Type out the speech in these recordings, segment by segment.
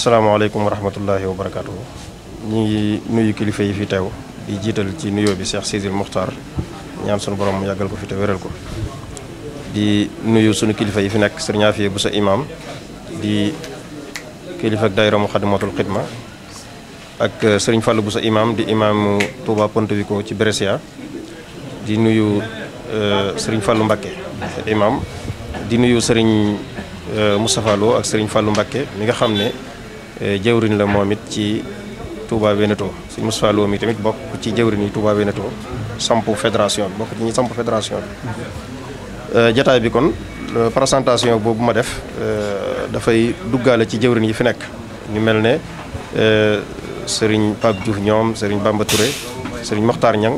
asalaamaaleykum wa rahmatullahi wa barakaatu ñu ngi nuyu kilifa yi fi teew di jiital ci nuyoo bi Cheikh Sidil Muxtaar ñaan sunu borom mu yàggal ko fi te wéral ko di nuyu sunu kilifa yi fi nekk sëriñ bu sa imaam di kilifa ak daayira Muxaddamatul Xidma ak sëriñ Fàllu bu sa imaam di imaamu Touba Pontevico ci di nuyu euh, sëriñ Fàllu Mbakke di nuyu sëriñ euh, Moustapha Lo ak sëriñ Fàllu Mbakke mi nga xam ne Eh, jëwriñ la moom it ci Touba Veneto suñ Moustapha Lo mi tamit bokk ci jëwriñ yi Touba Veneto samp fédération bi bokk ci ñi samp fédération bi eh, jataay bi kon présentation boobu ma def eh, dafay duggaale ci jëwriñ yi fi nekk ñu mel ne sëriñ Pape Diouf ñoom sëriñ Bamba Touré sëriñ Mokhtar Niang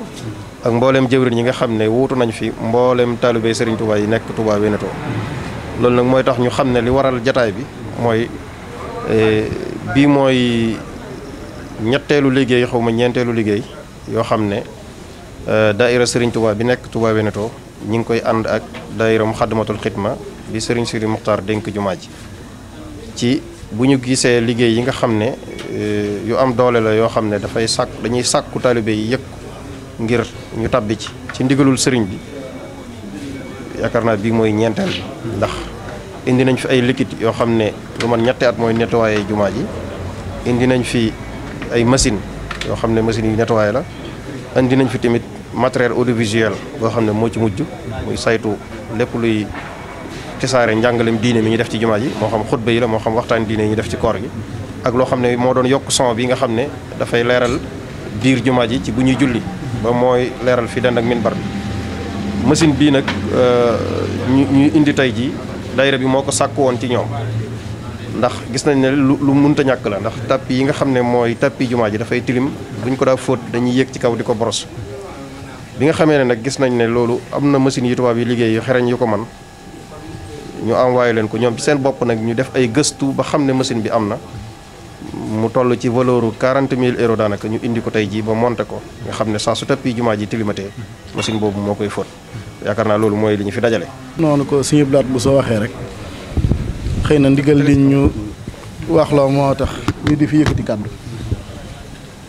ak mbooleem jëwriñ yi nga xam ne wuutu nañ fi mbooleem taalibé sëriñ Touba yi nekk Touba Veneto loolu nag mooy tax ñu xam ne li waral jataay bi mooy bii mooy ñetteelu liggéey xaw ma ñeenteelu liggéey yoo xam ne euh, daaira sëriñ Touba bi nekk Touba Veneto ñi ngi koy ànd ak daaira Muxaddamatul Xidma bi sëriñ Sidi Muxtaar dénk jumaa ji ci bu ñu gisee liggéey yi nga xam ne euh, yu am doole la yoo xam ne dafay sàkk dañuy sàkku taalibe yi ngir ñu tabbi ci ci ndigalul sëriñ bi yaakaar naa bii mooy ñeenteel bi ndax indi nañ fi ay liquide yoo xam ne lu man ñetti at mooy nettoyé jumaa ji indi nañ fi ay machine yoo xam ne machines yu nettoyé la indi nañ fi tamit matériel audiovisuel boo xam ne moo ci mujj muy saytu lépp luy tisaare njàngalem diine mi ñu def ci jumaa ji moo xam xutba yi la moo xam waxtaan diine yi ñu def ci koor gi ak loo xam ne moo doon yokk son bi nga xam ne dafay leeral biir jumaa ji ci bu ñuy julli ba mooy leeral fi dend ak minbar bi machine bii nag euh, indi tey ji daayira bi moo ko sàkk woon ci ñoom ndax gis nañ ne lu lu munta ñàkk la ndax tapis yi nga xam ne mooy tapis jumaa ji dafay tilim buñ ko daa fóot dañuy yéeg ci kaw di ko boros bi nga xamee ne nag gis nañ ne loolu am na machine yi tubaab yi liggéey yu xereñ yu ko man ñu envoyé leen ko ñoom ci seen bopp nag ñu def ay gëstu ba xam ne machine bi am na mu toll ci valeur u 40 000 euros daanaka ñu indi ko tey jii ba monté ko nga xam ne saa su tapis jumaa ji tilimatee machine boobu moo koy fóot yaakaar naa loolu mooy li ñu fi dajale. noonu ko suñu blaat bu soo waxee rek xëy na ndigal liñ ñu waxloo moo tax ñu di fi yëkkati kàddu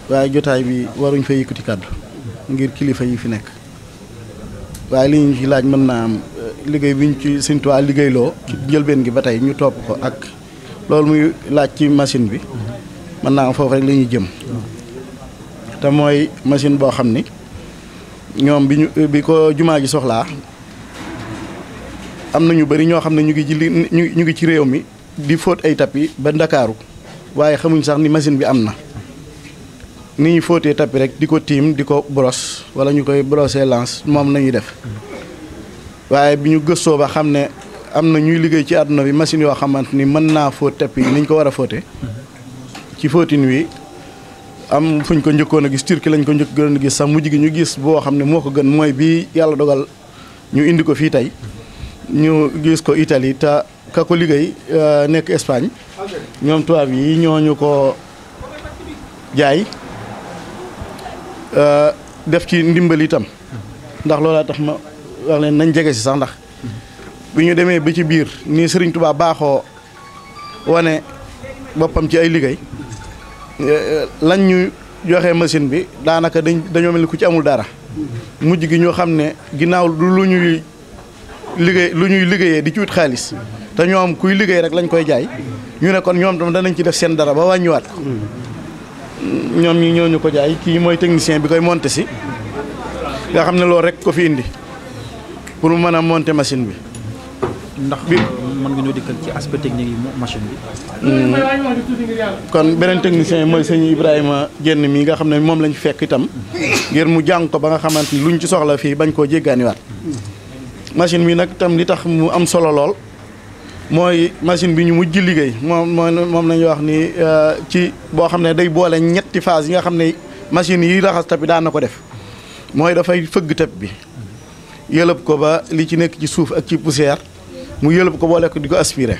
waaye jotaay bi waruñ fa yëkkati kàddu ngir kilifa yi fi nekk waaye li ñu ci laaj mën naa am eh, liggéey bi ñu ci Sëñ liggéeyloo ci njëlbeen gi ba tey ñu topp ko ak loolu muy laaj ci machine bi mën na am foofu rek la ñuy jëm te mooy machine boo xam ni. ñoom bi ñu bi ko jumaa ji soxlaa am na ñu bari ñoo xam ne ñu ngi ci li ñu ngi ci réew mi di fóot ay tapis ba ndakaaru waaye xamuñ sax ni machine bi am na ni ñu fóotee tapis rek di ko tiim di ko brosse wala ñu koy brosser lance moom lañuy def waaye bi ñu gëstoo ba xam ne am na ñuy liggéey ci àdduna bi machine yoo xamante ni mën naa fóot tapis yi ni ko war a fóote ci fóotin wi am fuñ ko njëkkoon a gis turki lañ ko njëkkoon a gis sax mujj gi ñu gis boo xam ne moo ko gën mooy bi yàlla dogal ñu indi ko fii tey ñu gis ko Italie te ka ko liggéey euh, nekk Espagne ñoom tubaab yi ñoo ñu ko jaay euh, def ci ndimbal ndax loolaa tax ma nañ jege si sax ndax bi ñu demee ba ci biir nii Serigne Touba baaxoo wane boppam ci ay liggéey. Euh, lañ ñu joxe machine bi daanaka dañ dañoo mel ni ku ci amul dara mujj gi ñoo xam ne ginnaaw du lu ñuy liggéey lu ñuy liggéeyee di ci xaalis te ñoom kuy liggéey rek lañ koy jaay ñu ne kon ñoom tam danañ ci def seen dara ba wàññiwaat ko ñoom ñi ñoo ñu ko jaay kii mooy technicien bi koy monter si nga xam ne loolu rek ko fi indi pour mu mën a monter machine bi bi man nga ñu dikkal ci aspect technique yi machine bi hmm. kon benen technicien moy seigne Ibrahima genn mi nga xamne mom lañu fekk itam ngir mu jang ko ba nga xamanteni luñ ci soxla fi bañ jéggani wat machine mi nak tam li tax mu am solo lol moy machine bi ñu mujj liggéey mom mom lañuy wax ni euh, ci bo xamne day boole ñetti phase yi nga xamne machine yi raxas tapi da na ko def da fay feug tëb bi yeleb ko ba li ci nek ci souf ak ci poussière mu yëlëb ko boole ko di ko aspiré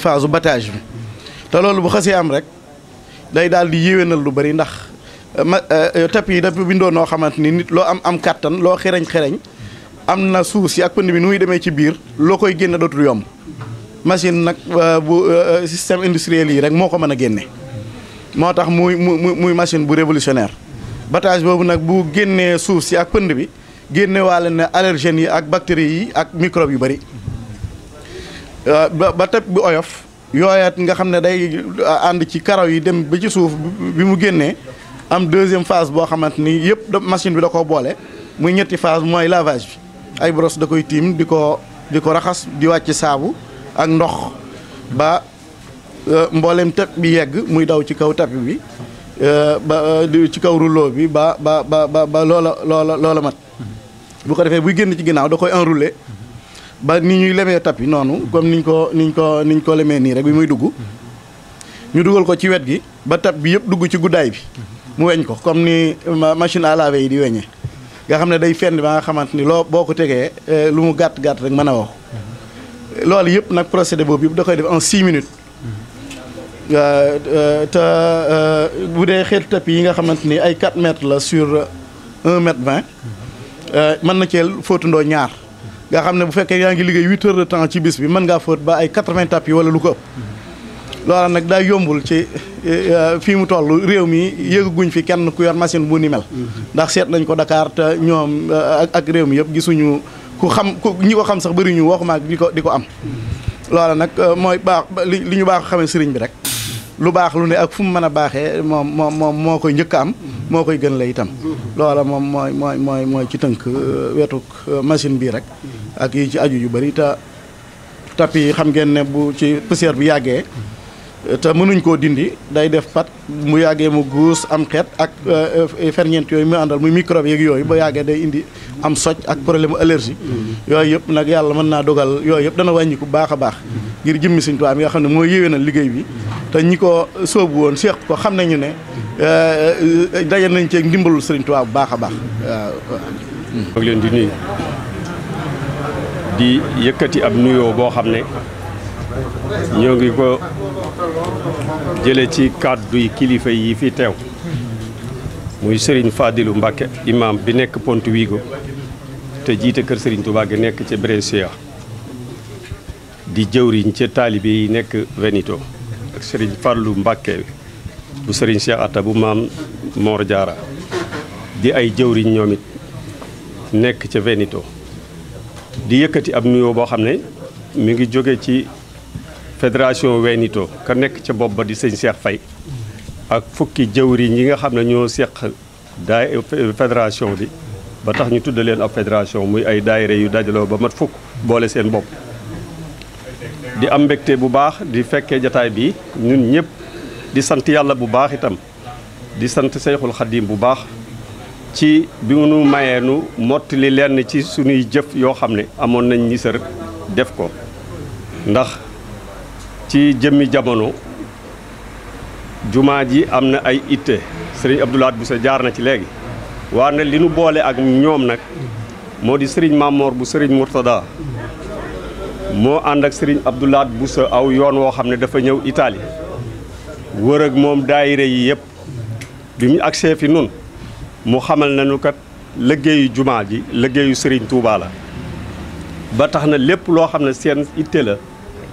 phase battage bi te loolu bu xasee am rek day daal di yéwénal lu bari ndax ma tapis yi dafa bindoo noo nit loo am am kàttan loo xereñ xereñ am na suuf si bi nu muy ci biir loo koy génne dootul yomb machine nag bu système industriel yi rek moo ko génne moo muy muy machine bu révolutionnaire battage boobu nag bu génnee suuf si ak bi génne waale ne allergènes yi ak bactéries yi ak microbes yu bari Euh, ba ba tëb bi oyof yooyaat nga xam ne day euh, ànd ci karaw yi dem ba ci suuf bi mu génnee am deuxième phase boo xamante ni yëpp da machine bi da koo boole muy ñetti phase mooy lavage bi ay brosse da koy tiim di ko di ko raxas di wàcc saabu ak ndox ba euh, mboolem tëb bi yegg muy daw ci kaw tapi bi ba ci kaw rouleau bi ba ba ba ba loola loola loola mat bu ko defee buy génn ci ginnaaw da koy enrouler ba ni ñuy lemee tapis noonu comme niñ ko niñ ko niñ ko lemee nii rek bi muy dugg ñu dugal ko ci wet gi ba tap bi yëpp dugg ci guddaay bi mu weñ ko comme ni machine à laver yi di weñee nga xam ne day fenn ba nga xamante ni loo boo ko tegee eh, lu mu gàtt gàtt rek mën a wax loolu yëpp nag procédé boobu yëpp da koy def en six minutes eh, te eh, bu dee xeetu tapis yi nga xamante ni ay 4 mètres la sur 1 mètre 20 mën na cee fóotundoo ñaar nga xam ne bu fekkee yaa ngi liggéey huit heures de temps ci bis bi mën ngaa fóot ba ay quatre-vingts tapis wala lu ko ëpp loola nag daa yombul ci eh, eh, fii mu toll réew mi yëgaguñ fi kenn ku yor machine bu ni mel ndax seet nañ ko Dakar ñoom eh, ak réew mi yëpp gisuñu ku xam ku ñi ko xam sax bëriñu waxuma ak di ko di ko am loola nag mooy baax li ñu baax xamee sëriñ bi rek lu baax lu ne ak fu mu mën a baaxee moom moom moom moo koy njëkk am mo koy gën lay itam loola mom moy moy moy moy ci teunk euh, wetuk euh, machine bi rek ak yi ci aju yu bari ta tapi xam ngeen ne bu ci poussière bi yagge ta mënuñ ko dindi day def pat mu yagge mu gous am xet ak euh, ferñent yoy mu andal muy microbe yek yoy ba yagge day indi am soj ak problème allergie yoy yep nak yalla mën na dogal yoy yep dana wàññiku baax a baax ngir jëmmi Sëñ tuam nga xam ne moo yéwénal liggéey bi te ñi ko sóobu woon seeq ko xam nañu ne euh, daje nañ cee ndimbalul Sëriñ Tuubaa bu baax a baax waaw leen di yëkkati ab nuyoo boo xam ne ñoo ngi ko jële ci kàddu kilifa yi fi teew muy Serigne Fadilou Mbacke imam bi nekk pont vigo te jiite kër sëriñ Touba gi nekk ca Brescia di jëwriñ ca taalibe yi nekk Veneto ak sëriñ Fàllu Mbàkke bu sëriñ Cheikh ata bu maam Mor Jaara di ay jëwriñ ñoom it nekk ca Veneto di yëkkati ab nuyoo boo xam ne mi ngi jóge ci fédération Veneto ka nekk ca bopp ba di sëñ Cheikh Faye ak fukki jëwriñ yi nga xam ne ñoo seq daay bi ba tax ñu tudda leen ab fédération muy ay daayira yu dajaloo ba mat fukk boole seen bopp di am mbégte bu baax di fekke jataay bi ñun ñëpp di sant yàlla bu baax itam di sant Seyxul Xadiim bu baax ci bi mu nu mayee nu mottali lenn ci sunuy jëf yoo xam ne amoon nañ nisar def ko ndax ci jëmmi jamono jumaa ji am na ay itte sëriñ Abdou bi sa jaar na ci léegi waa ne li nu boole ak ñoom nag moo di sëriñ Mamor bu sëriñ Mourtada moo ànd ak Serigne Abdou bu Bousso aw yoon woo xam ne dafa ñëw Italie wër moom daayire yi yëpp bi mu agsee fi nun mu xamal nañu kat liggéeyu jumaa ji liggéeyu Serigne tuubaa la ba tax na lépp loo xam ne seen itte la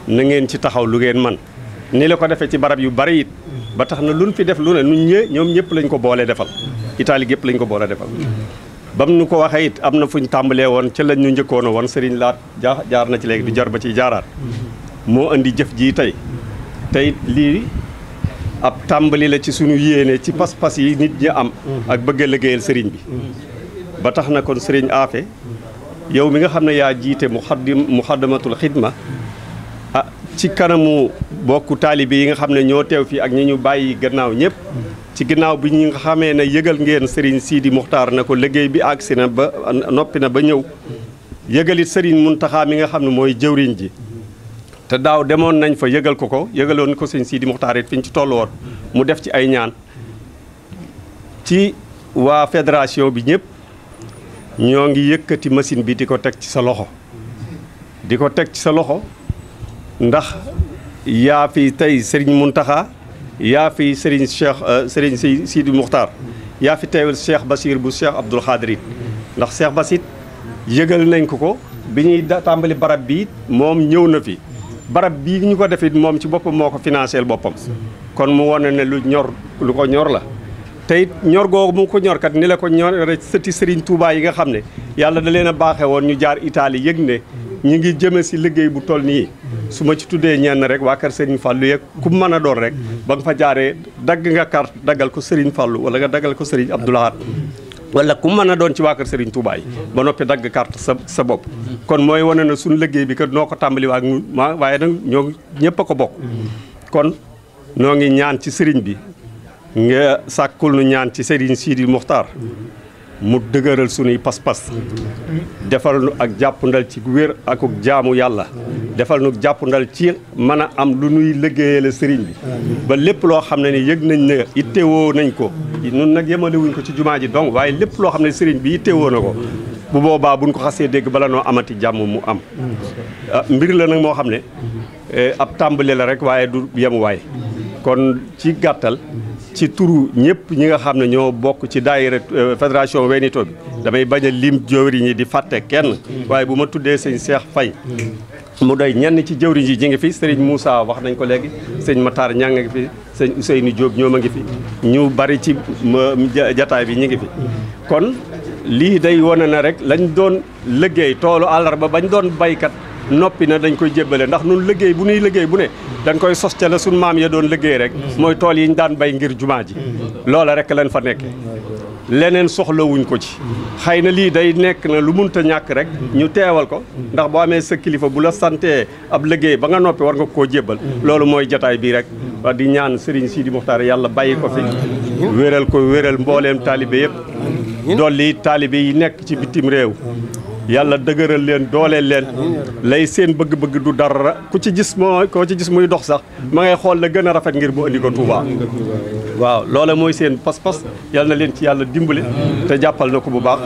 na ngeen ci taxaw lu ngeen man ni la ko defee ci barab yu bari it ba tax na luñ fi def lu ne ñun ñee ñoom ñëpp lañ ko boole defal Italie gépp lañ ko boole defal bam nu ko waxee it am na fu ñu tàmbalee woon ca lañ ñu njëkkoon woon Serigne Laat ja jaar na ci léegi du jar ba ciy jaaraat moo indi jëf jii tey tey lii ab tàmbali la ci sunu yéene ci pas-pas yi nit ñi am ak bëgg a liggéeyal sëriñ bi ba tax na kon sëriñ Afe yow mi nga xam ne yaa jiite muxaddim muxaddamatul xidma ah ci kanamu bokku taalibe yi nga xam ne ñoo teew fii ak ñi ñu bàyyi gannaaw ñëpp ci ginnaaw bi ñi nga xamé né yëgal ngeen Serigne Sidi Muxtaar na ko liggéey bi aksi na ba nopi na ba ñëw yëgalit Serigne Muntaha mi nga xamné moy jëwriñ ji té daaw démon nañ fa yëgal ko ko yëgaloon ko Serigne Sidi Muxtaar it tolor ci tollu woon mu def ci ay ñaan ci wa fédération bi ñëpp ñoo ngi machine bi di tek ci sa loxo di tek ci sa loxo ndax ya fi tay Serigne muntaha yaa fi Serigne Cheikh euh, Serigne si Sidi Muxtaar yaa fi teewal Cheikh basiir bu Cheikh Abdoul Xaadir ndax Cheikh Basir yëgal nañ ko ko bi ñuy tàmbali barab bi moom ñëw na fi barab bii ñu ko defit moom ci boppam moo ko financé boppam kon mu wane ne lu ñor lu ko ñor la tey ñor googu mu ko ñor kat ni la ko ñor rek sëti Serigne Touba yi nga xam ne yàlla da leen a baaxee woon ñu jaar Italie yëg ne ñu ngi jëme si liggéey bu toll nii su ma ci tuddee ñenn rek waa kër Serigne Fallou yeeg ku mën a doon rek ba nga fa jaaree dagg nga carte daggal ko Serigne Fallou wala nga daggal ko Serigne Abdou Lahad wala ku mën a doon ci waa kër Serigne Touba ba noppi dagg carte sa sa bopp kon mooy wane na suñu liggéey bi kat noo ko tàmbali waa ma waaye nag ñoo ñëpp a ko bokk kon noo ngi ñaan ci Serigne bi nga sàkkul nu ñaan ci Serigne Sidi Mokhtar mu dëgëral sunuy pas-pas defal nu ak jàppandal ci wér ak jaamu yàlla defal nu jàppandal ci mën a am lu nuy liggéeyale sëriñ bi ba lépp loo xam ne ni yëg nañ ne ittewoo nañ ko nun nag yemalewuñ ko ci jumaa ji donc waaye lépp loo xam ne sëriñ bi ittewoo na ko bu boobaa bu buñ ko xasee dégg bala noo amati jàmm mu am ah, mbir la nag moo xam ne eh, ab tàmbali la rek waaye du yemuwaay kon ci gàttal ci turu ñëpp ñi nga xam ne ñoo bokk ci daayira euh, fédération Weynito bi damay bañ a lim jëwriñ yi di fàtte kenn waaye bu ma tuddee sëñ Cheikh Faye mu doy ñenn ci jëwriñ yi ji ngi fi sëriñ Moussa wax nañ ko léegi sëñ Matar ñaa ngi fi sëñ Ousseynou Diop ñoom a ngi fi ñu bari ci jataay bi ñu ngi fi kon lii day wane na rek lañ doon liggéey toolu àllarba bañ doon baykat noppi na dañ koy jébbale ndax nun liggéey bu nuy liggéey bu ne dañ koy sos ca la suñ maam ya doon liggéey rek mm-hmm. mooy tool yi ñu daan bay ngir jumaa ji mm-hmm. loola rek lañ fa nekke mm-hmm. leneen soxlawuñ ko ci xëy na lii day nekk na lu munta ñàkk rek ñu teewal ko ndax boo amee sa kilifa bu la santee ab liggéey ba nga noppi war nga koo jébbal loolu mooy jataay bii rek wax di ñaan Serigne di Mokhtar yàlla bàyyi ko fi wéral ko wéral mbooleem taalibe yëpp dolli taalibe yi nekk ci bitim réew yalla dëgëral len dole len lay seen beug beug du dara ku ci gis mo ko ci gis muy dox sax ma ngay xol la gën rafet ngir bu andi ko Touba waaw lolé moy seen pas-pas yalla na len ci yalla dimbali te jappal nako bu baax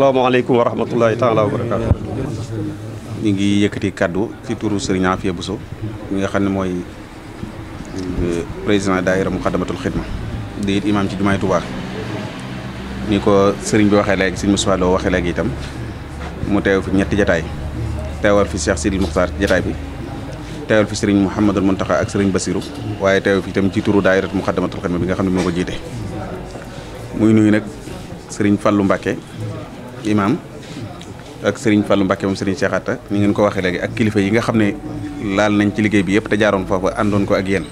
alaykum wa rahmatullahi taala wa barakatuh ni ngi yëkkati kaddu ci touru Serigne Afia buso mi nga xamne moy mooy euh, président daayira Muxaddamatul Xidma di imam ci dumay Touba ni ko serigne bi waxe serigne Lo waxe itam mu teew fi ñetti jataay teewal fi Cheikh Sidil Muxtaar ci jataay bi teewal fi sëriñ Mouhamadul Muntaxa ak sëriñ Basiru waaye teew fi itam ci turu daayiratu Muxaddamatul Xidma bi nga xam ne moo ko jiite nuyu nag sëriñ Fàllu Mbàkke imaam ak sëriñ Fàllu Mbàkke moom sëriñ Cheikh Atta ni ngeen ko waxee léegi ak kilifa yi nga xam ne laal nañ ci liggéey bi yëpp te jaaroon foofu àndoon ko ak yéen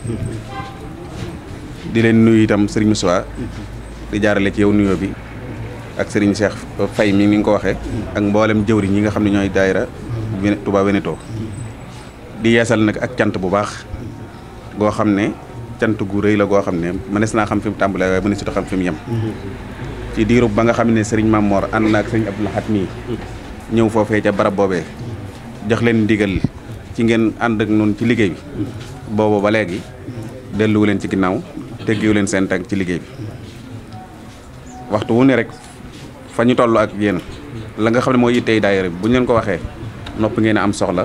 di leen nuyu itam sëriñ Moussa di jaarale ci yow nuyoo bi ak Serigne Cheikh Faye mi ni nga ko waxee ak mboolem jëwriñ yi nga xam ne ñooy daayira Touba Veneto di yeesal nag ak cant bu baax goo xam ne cant gu rëy la goo xam ne mënees naa xam fi mu tàmbalee waaye mënees xam fi mu yem ci ba nga xam ne Serigne Mamor ànd na ak Serigne Abdou Lahat mii ñëw foofee ca barab boobee jox leen ndigal ci ngeen ànd ak noonu ci liggéey bi boobu ba léegi delluwu leen ci ginnaaw teggiwu leen seen tànk ci liggéey bi waxtu wu ne rek fa ñu toll ak yeen la nga xamne ne yité daayira bi bu ñu ko waxé nopp ngeena am soxla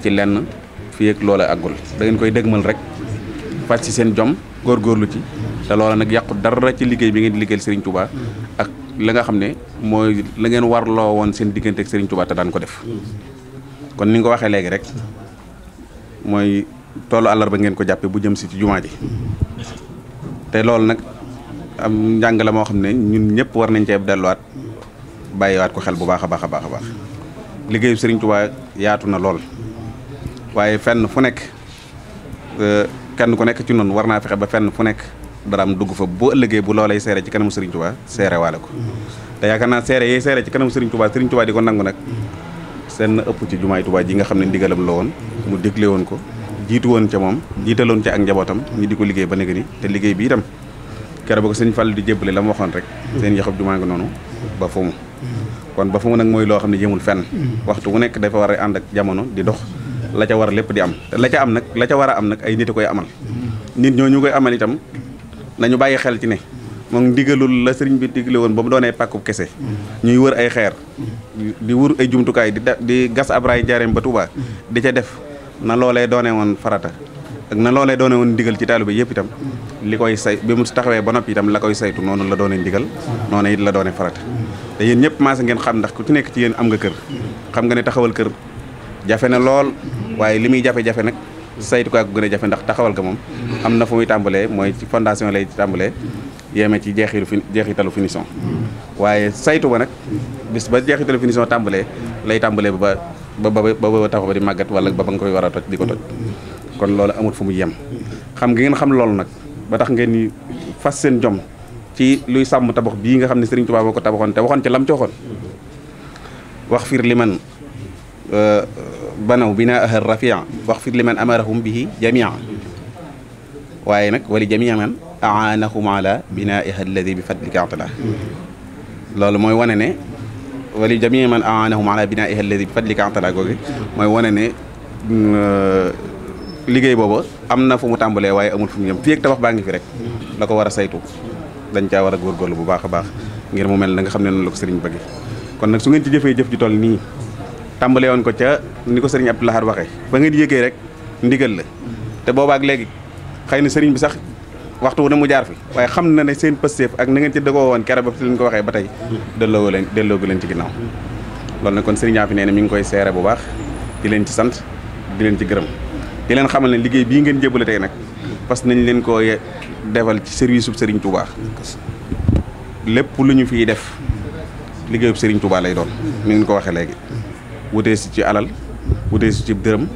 ci lenn fi ak loola agul da ngeen koy dëgmal rek fàcc ci seen jom góorgóorlu ci da loola nak yaq dara ci liggéey bi ngeen di liggéeyal Serigne Touba ak la nga xamne moy la ngeen lo won seen digënté ak Serigne Touba ta daan ko def kon ni nga waxé légui léegi rek mooy tollu àllarba ngeen ko jappé bu jëm si ci juma ji loolu nak am njàngale moo xam ne ñun ñëpp war nañ ceeb delluwaat bàyyiwaat ko xel bu baax a baax a baax a baax liggéeyu Sëriñ Tuubaa yaatu na lool waaye fenn fu nekk e, kenn ku nekk ci noonu war naa fexe ba fenn fu nekk daraam dugg fa boo ëllëgee bu loolay seere ci kanamu Sëriñ Tuubaa seere waale ko te yaakaar naa seere yee seere ci kanamu Sëriñ Tuubaa Sëriñ Tuubaa di ko nangu nag seen ëpp ci jumaay Tuubaa ji nga xam ne ndigalam la woon mu digle woon ko jiitu woon ca moom jiitaloon ca ak njabootam ñi di ko liggéey ba nekk ni te liggéey bi itam kere bako ko Fall di jébbale la waxon rek seen yaxub jumaa ngi nonu ba famu kon ba famu nak moy lo loo xam fenn waxtu wu nek dafa wara a ak jamono di dox la ca war lepp di am la ca am nak la ca war am nak ay nit koy amal nit ñoo ñu koy amal itam nañu bayyi xel ci ne moom digelul la sëriñ bi digle won ba doone pakku pàkkub kese ñuy wër ay xeer di wër ay jumtu di di gas ab raay ba Tuubaa di ca def na loolee doone won farata ak na loolee doone woon ndigal ci taalibe yëpp itam li koy say taxawee ba noppi itam la koy saytu noonu la doone ndigal noonu it la doone farata te ñëpp maasa ngeen xam ndax ku ci nekk ci yéen am nga kër xam nga ne taxawal kër jafe na lool waaye li muy jafe-jafe nag saytu ko ak gën a jafe ndax taxawal ga moom am na fu muy tàmbalee mooy ci fondation lay tàmbalee ci jeexilu fi jeexitalu finition waaye saytu ba nag bis ba jeexitalu finition tàmbalee lay tàmbalee ba ba ba ba taxaw ba di màggat wala ba ba nga koy war a toj di ko toj kon loolu amul fu mu yem xam ngeen xam loolu nag ba tax ngeen ni fas seen jom ci luy sàmm tabax bii nga xam ne Serigne Touba boo ko tabaxoon te waxoon ci lam ci waxoon wax fir li man banaw binaaha rafia wax fir li man amarahum bihi jamia waaye nag wali jamia man aanahum ala binaiha alladi bi fadlika atala loolu mooy wane ne wali jamia man aanahum ala binaiha alladi bi fadlika atala googu mooy wane ne liggéey boobu am na fu mu tàmbalee waaye amul fu mu ñëm fii ak tabax baa ngi fi rek la ko war a saytu dañ caa war a góorgóorlu bu baax a baax ngir mu mel na nga xam ne noonu la ko sëriñ bëgge kon nag su ngeen ci jëfee jëf ju toll nii tàmbalee woon ko ca ni ko sëriñ Abdou Lahad waxee ba ngeen yëgee rek ndigal la te boobaak léegi xëy na sëriñ bi sax waxtu wu ne mu jaar fi waaye xam na ne seen pësteef ak na ngeen ci dëggoo woon keroog ba fi leen ko waxee ba tey delloo leen delloo gi leen ci ginnaaw loolu nag kon sëriñ Afi nee na mi ngi koy seere bu baax di leen ci sant di leen ci gërëm di leen xamal ne liggéey bii ngeen jébale tey nag parce que nañ leen ko defal ci service sub Serigne Touba lépp lu ñu fiy def liggéeyub Serigne Touba lay doon ni ñu ko waxee léegi wutee si ci alal wutee si ci dërëm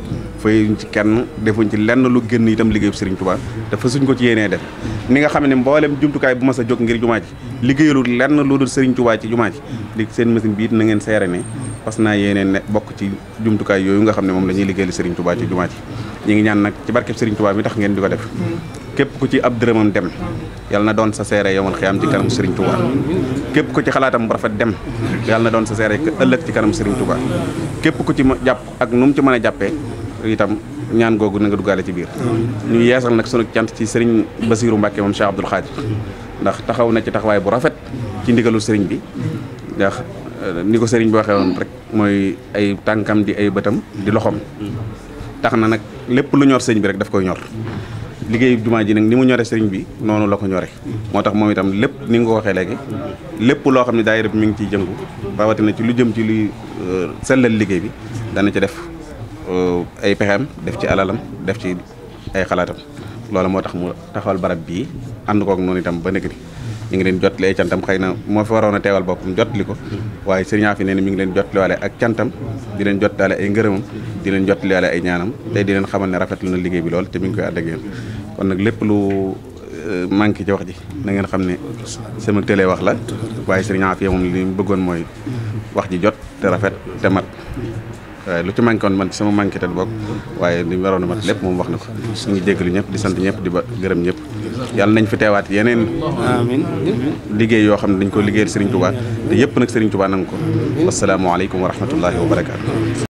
fayuñ ci kenn defuñ ci lenn lu gën itam liggéeyub Serigne Touba te fa suñ ko ci yéenee def nga xam ne mboolem jumtukaay bu mas a jóg ngir jumaa ji liggéeyalul lenn lu dul Serigne Touba ci jumaa ji li seen machine bi na ngeen seere ne parce que naa yéenee ne bokk ci jumtukaay yooyu nga xam ne moom la ñuy liggéeyal Serigne Touba ci jumaa ji ñi ngi ñaan nak ci barkeb Serigne Touba bi tax ngeen di def képp ku ci ab dërëmam dem yalla na doon sa séré yowul xiyam ci kanam Serigne Touba képp ku ci xalaatam bu rafet dem yalla na doon sa séré ëlëk ci kanam Serigne Touba képp ku ci japp ak num ci mëna jappé itam ñaan gogu na nga duggaale ci biir ñu yéssal nak sunu ciant ci Serigne Basirou mbacké mom Cheikh abdou Khadir ndax taxaw na ci taxawaay bu rafet ci ndigalu Serigne bi ndax eh, niko ko Serigne bi rek moy ay tankam di ay bëtam di loxom tax na nag lépp lu ñor sëñ bi rek daf koy ñor liggéey jumaa ji nag ni mu ñore sëriñ bi noonu la ko ñore moo tax moom itam lépp ni nga ko waxee léegi lépp loo xam ne daayira bi mi ngi ciy jëngu rawatina ci lu jëm ci luy euh, sellal liggéey bi dana ci def euh, ay pexeem def ci alalam def ci ay xalaatam loolu moo tax mu taxawal barab bii ànd kook noonu itam ba nekk ni ñu ngi leen jotli ay cantam xëy na moo fi waroon a teewal boppam jotli ko waaye sëriñ fi nee na mi ngi leen jot wale ak cantam di leen jotliwaale ay ngërëmam di leen jotliwaale ay ñaanam tey di leen xamal ne rafetlu na liggéey bi lool te mi ngi koy ànd kon nag lépp lu euh, manqué ci wax ji na ngeen xam ne sama tele wax la waaye sëriñ Afi moom li mu bëggoon mooy wax ji jot te rafet te mat lu ci manqué woon man sama manqué te bokk waaye li waroon a mat lépp moom wax na ko ñu ngi jégalu ñëpp di sant ñëpp di ba gërëm ñëpp yàlla nañ fi teewaat yeneen liggéey yoo xam ne dañ ko liggéeyal Serigne Touba te nag Serigne Touba nangu ko wasalaamualeykum wa rahmatullahi wa barakaatu